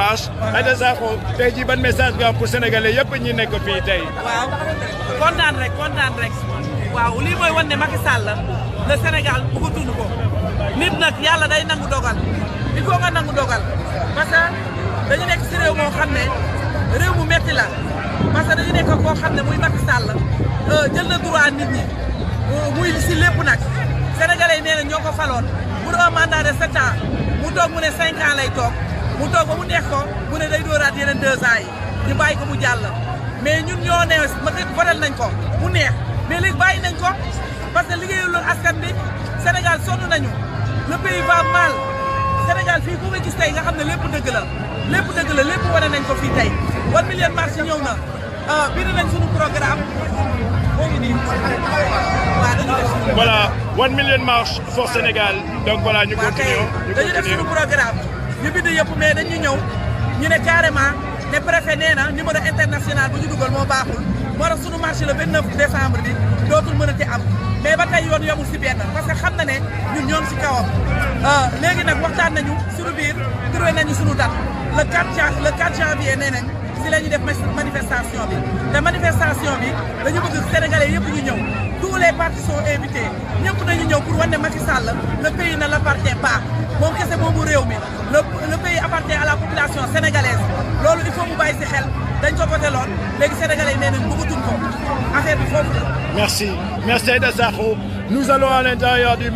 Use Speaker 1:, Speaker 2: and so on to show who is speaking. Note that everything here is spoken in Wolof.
Speaker 1: marche Aïda Sakho tey jii ban message nga am pour sénégalais yëpp ñi nekk fii tey. waaw kontaan rek kontaan rek waaw lii mooy wan ne Macky Sall le Sénégal bëggatuñu ko nit nag yàlla day nangu dogal il faut nga nangu dogal parce que dañu nekk si réew moo xam ne réew mu metti la parce dañu nekk koo xam ne muy Macky Sall euh, jël na droit nit ñi euh, muy si lépp nag sénégalais nee na ñoo ko faloon pour un mandat de mu toog mu ne cinq ans lay toog. mu toog ba mu neex ko mu ne day dóoraat yeneen deux ans yi bàyyi ko mu jàll mais ñun ñoo ne ma ko faral nañ ko mu neex mais léegi bàyyi nañ ko parce que liggéeyul loon askan bi Sénégal sonn nañu le pays va mal fii ku nga gis tey nga xam ne lépp dëgg la lépp dëgg la lépp wane nañ ko fii tey wan million marché ñëw na ah, bind nañ suñu programme voilà one million marche for Sénégal donc voilà ñu continuons ñu continuons dañu def suñu programme ñu bind yëpp mais dañ ñëw ñu ne carrément ne préfet nee na numéro international bu ñu dugal moo baaxul moo tax sunu marché le 29 décembre bi dootul mënati am mais ba tey yoon yomul si benn parce que xam na ne ñun ñoom si kawam euh, léegi nag waxtaan nañu sunu biir trouvé nañu sunu date le 4 jan le 4 janvier nee nañ si la ñuy def manifestation bi te manifestation bi dañu bugg Sénégalais yëpp ñu ñëw tous les partis sont invités ñëpp dañu ñëw pour wane Macky Sall le pays ne l'appartient pas moom kese moomu réew mi le pays appartient a la population sénégalaise loolu il faut mu bàyyi si xel dañ ko voté loon léegi sénégalais nee nañ bëggatuñ ko affaire foofu la. merci merci Aïda Sakho nous allons à l'intérieur du